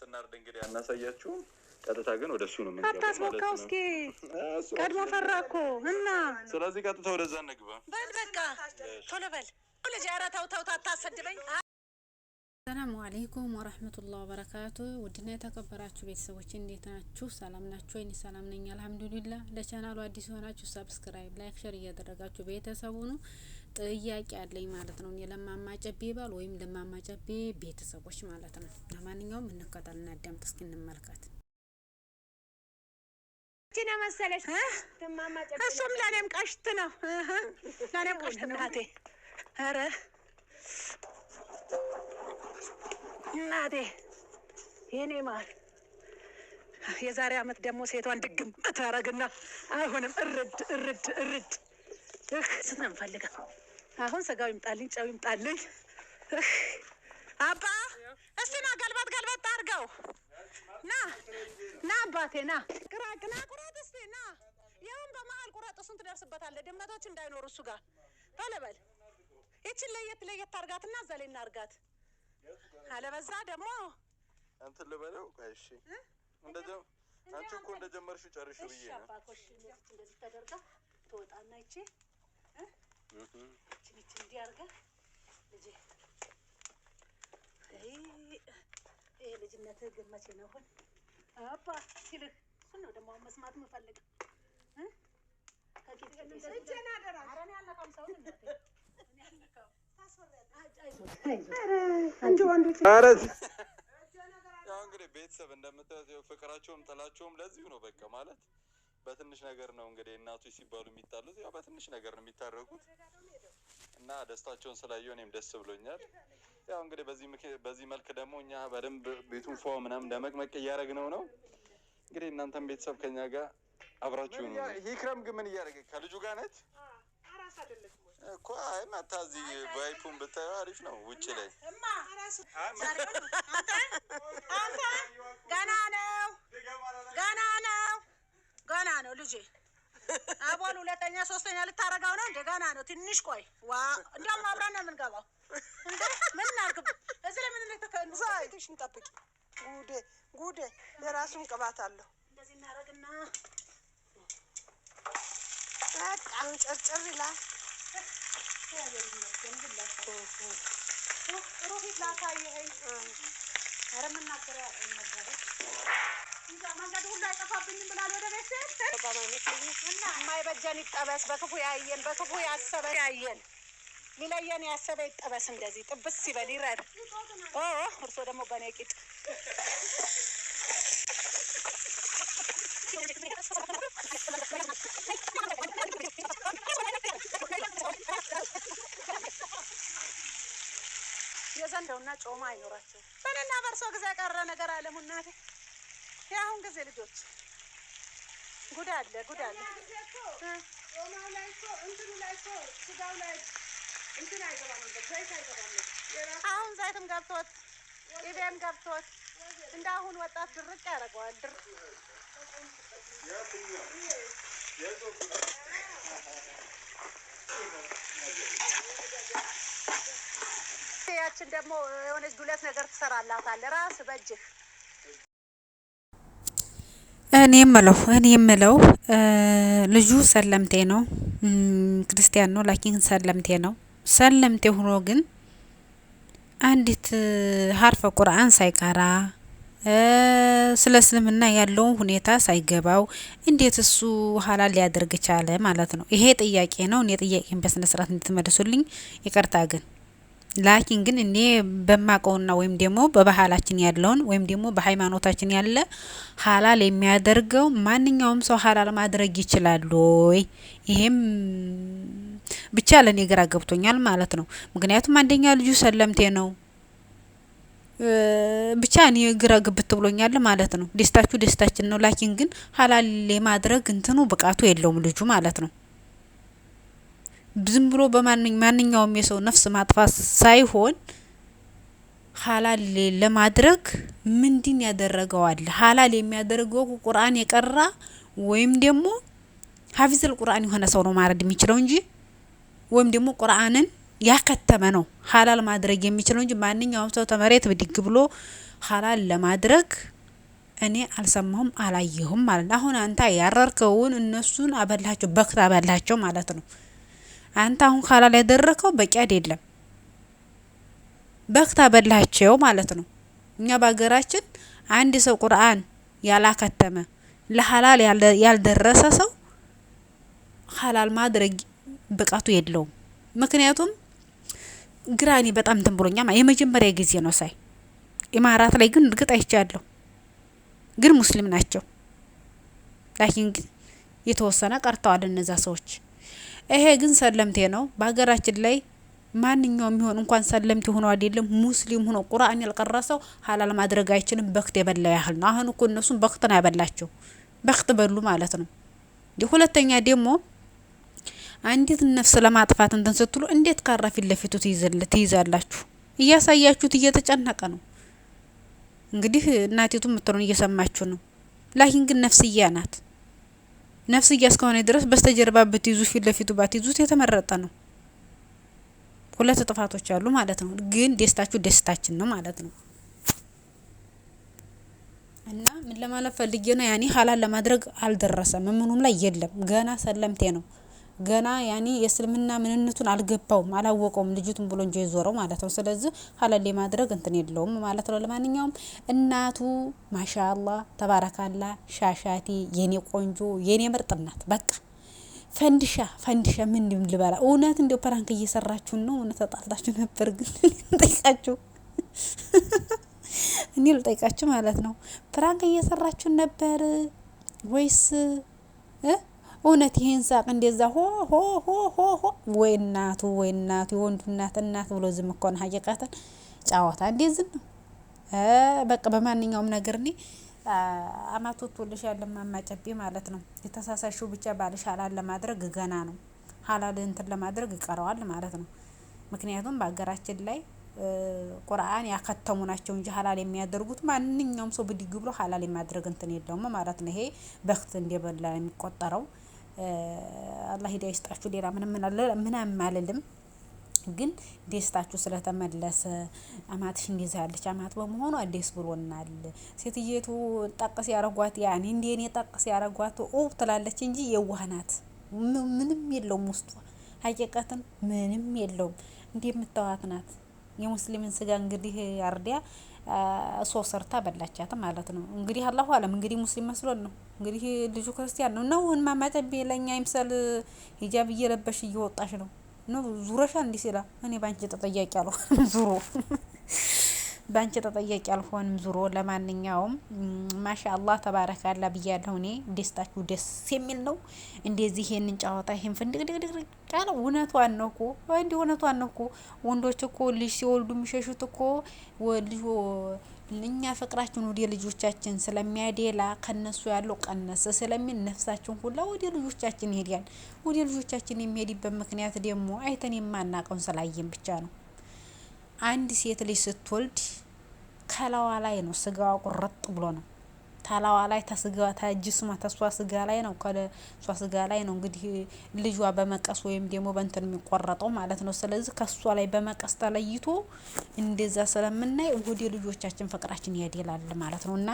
ስናርድ እንግዲህ አናሳያችሁም። ቀጥታ ግን ወደ እሱ ነው አታስቦካ። እስኪ ቀድሞ ፈራ እኮ እና ስለዚህ ቀጥታ ወደዛ እንግባ። በል በቃ ቶሎ በል ልጅ። ኧረ ተው ተው፣ አታሰድበኝ። ሰላሙ አለይኩም ወረህመቱላህ ወበረካቱ። ውድና የተከበራችሁ ቤተሰቦች እንዴት ናችሁ? ሰላም ናችሁ? ወይኔ ሰላም ነኝ አልሐምዱሊላ። ለቻናሉ አዲስ የሆናችሁ ሰብስክራይብ፣ ላይክ፣ ሸር እያደረጋችሁ ቤተሰቡ ነው ጥያቄ አለኝ ማለት ነው። እኔ ለማማ ባል ወይም ለማማ ቤተሰቦች ማለት ነው። ለማንኛውም እንከታል እና አዳምጥ እስኪ እንመልከት። ቲና መሰለሽ እሱም ለእኔም ቀሽት ነው፣ ለእኔም ቀሽት ነው። እናቴ ኧረ እናቴ የኔ ማር የዛሬ አመት ደግሞ ሴቷን ድግም ታረግና አሁንም እርድ እርድ እርድ ስትነ ፈልገው አሁን ስጋው ይምጣልኝ፣ ጨው ይምጣልኝ። አባ እስቲ ና ገልባት ገልባት አድርገው ና ና አባቴ ና ቅራቅ ና ቁረጥ እስቲ ና ይሁን በመሀል ቁረጥ፣ እሱን ትደርስበታለህ። ድመቶች እንዳይኖሩ እሱ ጋር በለበል። ይችን ለየት ለየት አርጋት እና እዛ ላይ እናርጋት። አለበዛ ደግሞ እንትን ልበለው። እሺ እንደዚያው አንቺ እኮ እንደጀመርሽው ጨርሽ ብዬ ነው። እሺ አባ ኮሽ እንደዚህ ተደርጋ ትወጣና ይቼ ልጅ እንዲህ አድርገህ ልጄ ይሄ ልጅነትህ ግን መቼ ነው ሆን አባ ሲልህ እሱን ነው ደግሞ መስማት የምፈልግ ያው እንግዲህ ቤተሰብ እንደምታዩት ፍቅራቸውም ጥላቸውም ለዚሁ ነው። በቃ ማለት በትንሽ ነገር ነው እንግዲህ እናቶች ሲባሉ የሚጣሉት ያው በትንሽ ነገር ነው የሚታረጉት። እና ደስታቸውን ስላየሁ እኔም ደስ ብሎኛል። ያው እንግዲህ በዚህ መልክ ደግሞ እኛ በደንብ ቤቱን ፎ ምናምን ደመቅመቅ እያደረግ ነው። እንግዲህ እናንተም ቤተሰብ ከኛ ጋር አብራችሁ ነው። ሂክረም ግን ምን እያደረገ ከልጁ ጋር ነች እኮ አይ ማታ እዚህ ብታዩ አሪፍ ነው። ውጭ ላይ ገና ነው ገና ነው ገና ነው ልጄ አቦን ሁለተኛ ሶስተኛ ልታረጋው ነው። እንደገና ነው ትንሽ ቆይ ዋ እንዲያውም አብረን ነው የምንገባው። እንደ ምን እናድርግ እዚህ ለምን እንደተከንዛይሽን ጠብቂ። ጉዴ ጉዴ የራሱን ቅባት አለው። እንደዚህ እናረግና በጣም ጭርጭር ይላል። ሮፊት ላሳየኸኝ ኧረ የምናገረው መንገድ ሁላ አልጠፋብኝም ብላል ወደ ቤት እና የማይበጀን ይጠበስ፣ በክፉ ያየን በክፉ ያሰበ ያየን ሊለየን ያሰበ ይጠበስ። እንደዚህ ጥብስ ሲበል ይረድ። እርሶ ደግሞ በኔ ቂጥ የዘንደውና ጮማ አይኖራቸው። በእኔና በእርሶ ጊዜ ቀረ ነገር አለሙናቴ የአሁን ጊዜ ልጆች ጉድ አለ ጉድ አለ። ኦማው ላይ እኮ እንትኑ ላይ እኮ ስጋው ላይ እንትን አይገባም ዘይት አይገባም አሁን ዘይትም ገብቶት ቅቤም ገብቶት እንደ አሁን ወጣት ድርቅ ያደርገዋል። ድርቅ ያችን ደግሞ የሆነች ዱለት ነገር ትሰራላታለህ ራስ በእጅህ እኔ የምለው እኔ የምለው ልጁ ሰለምቴ ነው፣ ክርስቲያን ነው፣ ላኪን ሰለምቴ ነው። ሰለምቴ ሆኖ ግን አንዲት ሀርፈ ቁርአን ሳይቀራ ስለ እስልምና ያለውን ሁኔታ ሳይገባው እንዴት እሱ ሀላል ሊያደርግ ቻለ ማለት ነው? ይሄ ጥያቄ ነው። እኔ ጥያቄን በስነ ስርዓት እንድትመልሱልኝ ይቅርታ ግን ላኪን ግን እኔ በማቀውና ወይም ደግሞ በባህላችን ያለውን ወይም ደግሞ በሃይማኖታችን ያለ ሀላል የሚያደርገው ማንኛውም ሰው ሀላል ማድረግ ይችላል ወይ? ይሄም ብቻ ለኔ ግራ ገብቶኛል ማለት ነው። ምክንያቱም አንደኛ ልጁ ሰለምቴ ነው። ብቻ እኔ ግራ ግብት ብሎኛል ማለት ነው። ደስታችሁ ደስታችን ነው። ላኪን ግን ሀላል የማድረግ እንትኑ ብቃቱ የለውም ልጁ ማለት ነው። ዝም ብሎ በማንኛውም ማንኛውም የሰው ነፍስ ማጥፋት ሳይሆን ሀላል ለማድረግ ምንድን ያደረገዋል? ሀላል የሚያደርገው ቁርአን የቀራ ወይም ደግሞ ሀፊዝል ቁርአን የሆነ ሰው ነው ማረድ የሚችለው እንጂ ወይም ደግሞ ቁርአንን ያከተመ ነው ሀላል ማድረግ የሚችለው እንጂ ማንኛውም ሰው ተመሬት ብድግ ብሎ ሀላል ለማድረግ እኔ አልሰማሁም አላየሁም ማለት ነው። አሁን አንተ ያረርከውን እነሱን አበላቸው በክት አበላቸው ማለት ነው። አንተ አሁን ሀላል ያደረከው በቂ አይደለም። በክታ በላቸው ማለት ነው። እኛ በሀገራችን አንድ ሰው ቁርአን ያላከተመ ለሀላል ያልደረሰ ሰው ሀላል ማድረግ ብቃቱ የለውም። ምክንያቱም ግራኒ በጣም እንትን ብሎኛ የመጀመሪያ ጊዜ ነው ሳይ ኢማራት ላይ ግን እርግጥ አይቻለሁ። ግን ሙስሊም ናቸው። ላኪን ግን የተወሰነ ቀርተዋል እነዛ ሰዎች። ይሄ ግን ሰለምቴ ነው። በሀገራችን ላይ ማንኛውም ይሆን እንኳን ሰለምቴ ሆኖ አይደለም ሙስሊም ሆኖ ቁርአን ያልቀረሰው ሀላል ማድረግ አይችልም። በክት የበላ ያህል ነው። አሁን እኮ እነሱም በክት ነው ያበላቸው፣ በክት በሉ ማለት ነው። ሁለተኛ ደግሞ አንዲት ነፍስ ለማጥፋት እንትን ስትሉ እንዴት ካራ ፊት ለፊቱ ትይዛላችሁ? እያሳያችሁት እየተጨነቀ ነው። እንግዲህ እናቲቱ የምትለውን እየሰማችሁ ነው። ላኪን ግን ነፍስያ ናት። ነፍስያ እስከሆነ ድረስ በስተጀርባ ብትይዙ ፊት ለፊቱ ባትይዙት የተመረጠ ነው። ሁለት ጥፋቶች አሉ ማለት ነው። ግን ደስታችሁ ደስታችን ነው ማለት ነው። እና ምን ለማለት ፈልጌ ነው ያኔ ሀላል ለማድረግ አልደረሰም። ምኑም ላይ የለም ገና ሰለምቴ ነው። ገና ያኔ የእስልምና ምንነቱን አልገባውም አላወቀውም ልጅቱን ብሎ እንጂ የዞረው ማለት ነው። ስለዚህ ሀላል ማድረግ እንትን የለውም ማለት ነው። ለማንኛውም እናቱ ማሻአላ ተባረካላ፣ ሻሻቴ፣ የኔ ቆንጆ፣ የኔ ምርጥ እናት በቃ ፈንድሻ ፈንድሻ ምን ልበላ። እውነት እንዲያው ፕራንክ እየሰራችሁን ነው? እውነት ተጣልታችሁ ነበር? ግን ጠይቃችሁ እኔ ልጠይቃችሁ ማለት ነው። ፕራንክ እየሰራችሁን ነበር ወይስ እ እውነት ይሄን ሳቅ እንደዛ ሆ ሆ ሆ ሆ ሆ ወይ እናቱ ወይ እናቱ የወንዱ እናት እናት ብሎ ዝም እኮ ነው። ሀቂቃተን ጫዋታ እንዴ ነው በቃ በማንኛውም ነገር እኔ አማቶቶልሽ ያለ ማማጨቤ ማለት ነው። የተሳሳሽው ብቻ ባልሽ ሀላል ለማድረግ ገና ነው። ሀላል እንትን ለማድረግ ይቀረዋል ማለት ነው። ምክንያቱም በሀገራችን ላይ ቁርአን ያከተሙ ናቸው እንጂ ሀላል የሚያደርጉት ማንኛውም ሰው ብድግ ብሎ ሀላል የማድረግ እንትን የለውም ማለት ነው። ይሄ በክት እንደበላ የሚቆጠረው አላህ ሂዳያ ይስጣችሁ። ሌላ ምንም ምናምን አልልም። ግን ደስታችሁ ስለተመለሰ አማትሽ እንደዚህ ያለች አማት በመሆኑ ደስ ብሎናል። ሴትየቱ ጠቅስ ያረጓት ያኔ እንደ እኔ ጠቅስ ያረጓት ኦ ትላለች እንጂ የዋህ ምንም የለውም ውስጧ ሀቂቀትን ምንም የለውም። እንደምታዋት ናት። የሙስሊምን ስጋ እንግዲህ አርዲያ ሰው ሰርታ በላቻት ማለት ነው። እንግዲህ አላሁ አለም እንግዲህ ሙስሊም መስሎን ነው። እንግዲህ ልጁ ክርስቲያን ነው ነው እና እንማማጨቤ ለእኛ ይምሰል ሂጃብ እየለበሽ እየወጣሽ ነው ነው ዙረሻ እንዲህ ሲላ እኔ ባንቺ ተጠያቂ አለው ዙሮ በአንቺ ተጠያቂ አልሆንም። ዙሮ ለማንኛውም ማሻ አላህ ተባረካላ ብያለሁ። እኔ ደስታችሁ ደስ የሚል ነው። እንደዚህ ይሄንን ጨዋታ ይሄን ፍንድቅድቅድቅ ቃል እውነቷን ነው እኮ እንዲ እውነቷን ነው እኮ ወንዶች እኮ ልጅ ሲወልዱ የሚሸሹት እኮ እኛ ፍቅራችን ወደ ልጆቻችን ስለሚያደላ ከነሱ ያለው ቀነሰ ስለሚል ነፍሳችን ሁላ ወደ ልጆቻችን ይሄዳል። ወደ ልጆቻችን የሚሄድበት ምክንያት ደግሞ አይተን የማናቀውን ስላየን ብቻ ነው። አንድ ሴት ልጅ ስትወልድ ከላዋ ላይ ነው ስጋዋ ቁረጥ ብሎ ነው ታላዋ ላይ ተስጋ ተጅስማ ተሷ ስጋ ላይ ነው ከሷ ስጋ ላይ ነው እንግዲህ ልጇ በመቀስ ወይም ደግሞ በእንትን የሚቆረጠው ማለት ነው። ስለዚህ ከሷ ላይ በመቀስ ተለይቶ እንደዛ ስለምናይ ወደ ልጆቻችን ፍቅራችን ያደላል ማለት ነው እና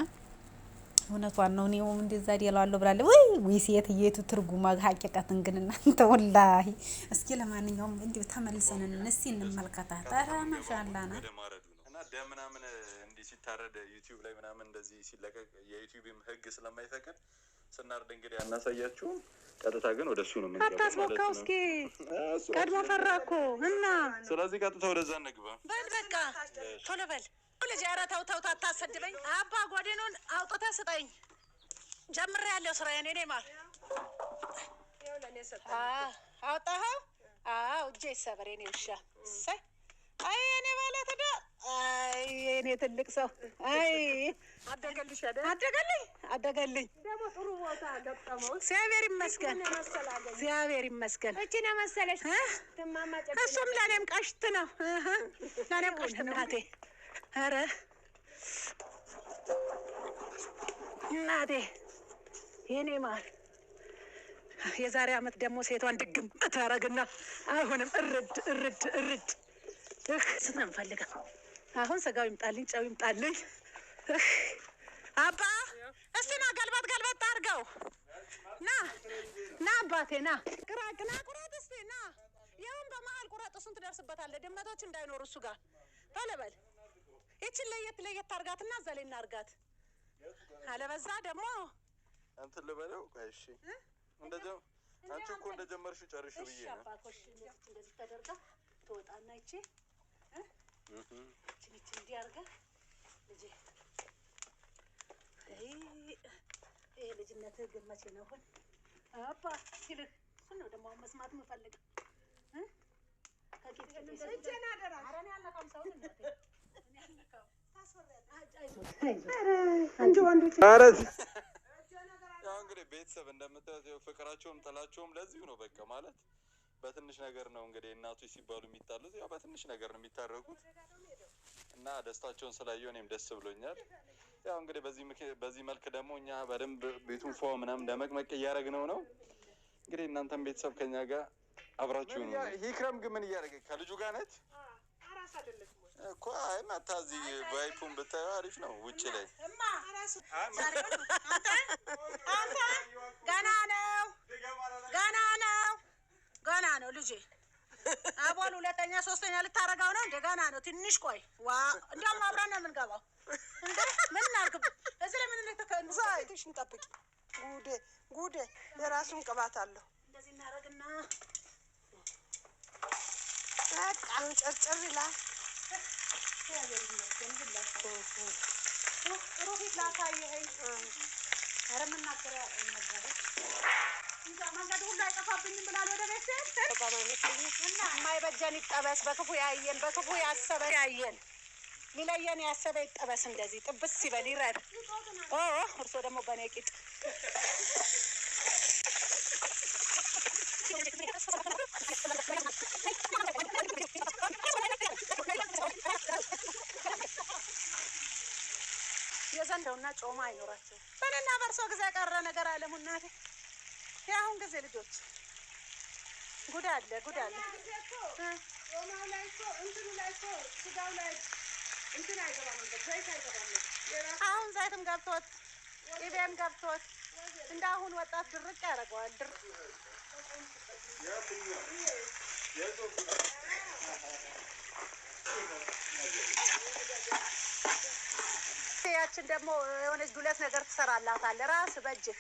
እውነቷን ነው። እኔውም እንደዛ ዴላዋለሁ ብላለች። ወይ ወይ ሴትዬቱ ትርጉማ ሀቂቀትን ግን እናንተ ወላሂ። እስኪ ለማንኛውም እንዲሁ ተመልሰን እስኪ እንመልከታት። ኧረ ማሻላ ናት እና ደም ምናምን እንዲህ ሲታረድ ዩቲዩብ ላይ ምናምን እንደዚህ ሲለቀቅ የዩቲዩብም ህግ ስለማይፈቅድ ስናርድ እንግዲህ አናሳያችሁም። ቀጥታ ግን ወደ እሱ ነው የምንገባው። እስኪ ቀድሞ ፈራ እኮ እና ስለዚህ ቀጥታ ወደዛ እንግባ። በል በቃ ቶሎ በል ልጅ ኧረ ተው ተው፣ ታታሰድበኝ አባ ጎዴኑን አውጥተህ ስጠኝ። ጀምሬ ያለው ስራ የኔ ኔ ማር አውጣኸው? አዎ እጄ ይሰበር የኔ ውሻ። እሰይ አይ የኔ ባለ ትዳር አይ የኔ ትልቅ ሰው አይ አደገልሽ አደገልኝ አደገልኝ። ደግሞ ጥሩ ቦታ ገጠመው። እግዚአብሔር ይመስገን እግዚአብሔር ይመስገን። እቺ ነው እሱም ለእኔም ቀሽት ነው ለእኔም ቀሽት ነው ኧረ እናቴ የኔ ማር የዛሬ አመት ደግሞ ሴቷን ድግም ታረግና አሁንም እርድ እርድ እርድ ስትነምፈልገው አሁን ስጋው ይምጣልኝ፣ ጨው ይምጣልኝ። አባ እስቲ ና ገልባት ገልባት አድርገው ና ና አባቴ ና ቅራቅና ቁረጥ እስቲ ና ይሁን በመሀል ቁረጥ፣ እሱን ትደርስበታለህ። ድመቶች እንዳይኖሩ እሱ ጋር በለበል ይችን ለየት ለየት አርጋትና እዛ ላይ እናርጋት። አለበዛ ደግሞ እንትን ልበለው። እሺ እንደዚያው አንቺ እኮ እንደጀመርሽው ጨርሽ ብዬ ነው። እንደዚህ ተደርጋ ትወጣና ይቺ ችንች እንዲህ አርጋ ልጄ፣ ይሄ ልጅነትህ ግን መቼ ነው ሆን አባ ሲልህ እሱን ነው ደግሞ መስማት የምፈልገው። ከጌት ጀና ደራ አረን ያለቀም ሰውን ነው ያው እንግዲህ ቤተሰብ እንደምታዩት ፍቅራቸውም ጥላቸውም ለዚሁ ነው። በቃ ማለት በትንሽ ነገር ነው እንግዲህ እናቶች ሲባሉ የሚጣሉት ያው በትንሽ ነገር ነው የሚታረቁት እና ደስታቸውን ስላየሁ እኔም ደስ ብሎኛል። ያው እንግዲህ በዚህ መልክ ደግሞ እኛ በደንብ ቤቱን ፎ ምናምን ደመቅመቅ እያደረግነው ነው። እንግዲህ እናንተም ቤተሰብ ከኛ ጋር አብራችሁ ነው። ሂክረም ግን ምን እያደረገ ከልጁ ጋር ነች እኮ አይ መታ እዚህ ባይፑን ብታዩ አሪፍ ነው። ውጭ ላይ ገና ነው ገና ነው ገና ነው ልጄ አቦን ሁለተኛ ሶስተኛ ልታረጋው ነው እንደ ገና ነው። ትንሽ ቆይ ዋ እንዲያውም አብረን ነው የምንገባው። ምን እናርግብ እዚህ ላይ ምን እንደተከንዛሽን ጉዴ ጉዴ የራሱን ቅባት አለው። እንደዚህ እናረግና በጣም ጭርጭር ይላል። ሮኬት ላሳየኸኝ ኧረ የምናገር ነበረ እንጃ መንገድ ሁሉ አይጠፋብኝም ብላል የማይበጀን ይጠበስ። በክፉ ያየን በክፉ ያሰበ ያየን ሊለየን ያሰበ ይጠበስ። እንደዚህ ጥብስ ሲበል ይረድ እርሶ ደግሞ በኔ ቂጥ አይኖራቸው በእኔና በእርሶ ጊዜ ያቀረ ነገር አለ እናቴ። የአሁን ጊዜ ልጆች ጉድ አለ ጉድ አለ። አሁን ዘይትም ገብቶት ኢቤም ገብቶት እንደ አሁን ወጣት ድርቅ ያደርገዋል ድርቅ ያችን ደግሞ የሆነች ዱለት ነገር ትሰራላታለህ ራስ በእጅህ